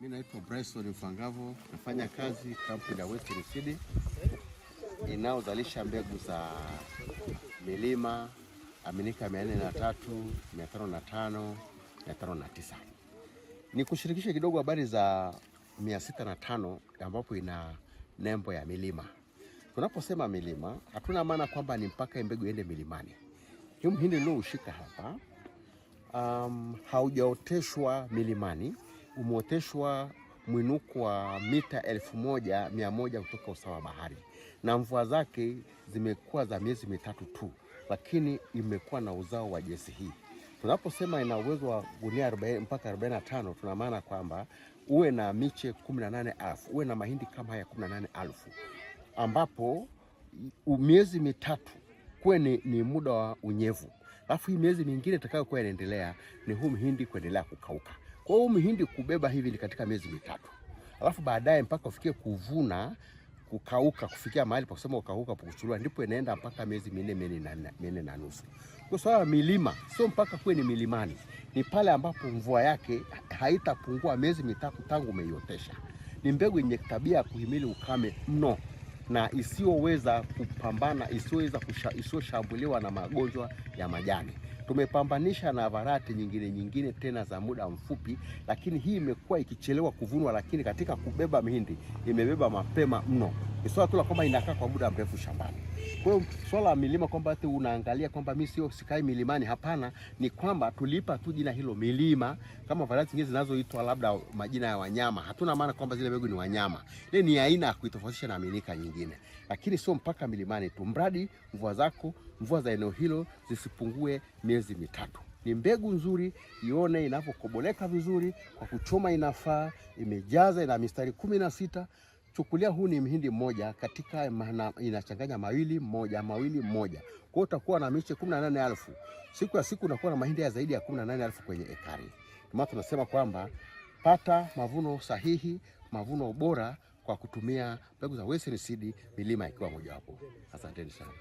Mimi naitwa Bryson Mfangavo, nafanya kazi kampuni ya Western Seed inayozalisha mbegu za milima aminika mia nne na tatu, mia tano na tano, mia tano na tisa. Ni kushirikisha kidogo habari za mia sita na tano ambapo ina nembo ya milima. Tunaposema milima, hatuna maana kwamba ni mpaka mbegu iende milimani. Hii mhindi unaoushika hapa um, haujaoteshwa milimani umeoteshwa mwinuko wa mita elfu moja mia moja kutoka usawa wa bahari, na mvua zake zimekuwa za miezi mitatu tu, lakini imekuwa na uzao wa jesi hii. Tunaposema ina uwezo wa gunia 40 mpaka 45, tuna maana kwamba uwe na miche 18,000 uwe na mahindi kama haya 18,000 ambapo miezi mitatu kuwe ni, ni muda wa unyevu, alafu hii miezi mingine itakayokuwa inaendelea ni huu mhindi kuendelea kukauka. Kwa hiyo mhindi kubeba hivi ni katika miezi mitatu, alafu baadaye mpaka ufikie kuvuna kukauka kufikia mahali pa kusema ukauka pakuchuliwa, ndipo inaenda mpaka miezi minne minne na nusu. Kwa sababu milima sio mpaka kuwe ni milimani, ni pale ambapo mvua yake haitapungua miezi mitatu tangu umeiotesha. Ni mbegu yenye tabia ya kuhimili ukame mno na isiyoweza kupambana isiyoweza isiyoshambuliwa na magonjwa ya majani tumepambanisha na varati nyingine nyingine tena za muda mfupi, lakini hii imekuwa ikichelewa kuvunwa, lakini katika kubeba mihindi imebeba mapema mno ni swala tu la kwamba inakaa kwa muda mrefu shambani. Kwa hiyo swala la milima kwamba ati unaangalia kwamba mimi sio sikai milimani, hapana, ni kwamba tulipa tu jina hilo milima, kama variety nyingine zinazoitwa labda majina ya wanyama. Hatuna maana kwamba zile mbegu ni wanyama, ile ni aina ya kuitofautisha na minika nyingine, lakini sio mpaka milimani tu, mradi mvua zako, mvua za eneo hilo zisipungue miezi mitatu ni mbegu nzuri, ione inapokoboleka vizuri, kwa kuchoma inafaa, imejaza, ina mistari kumi na sita. Chukulia huu ni mhindi mmoja katika maana inachanganya mawili moja mawili moja. Kwa hiyo utakuwa na miche 18000. Siku ya siku unakuwa na mahindi ya zaidi ya 18000 kwenye ekari. Kwa tunasema kwamba pata mavuno sahihi, mavuno bora kwa kutumia mbegu za Western Seed, milima ikiwa mojawapo. Asanteni sana.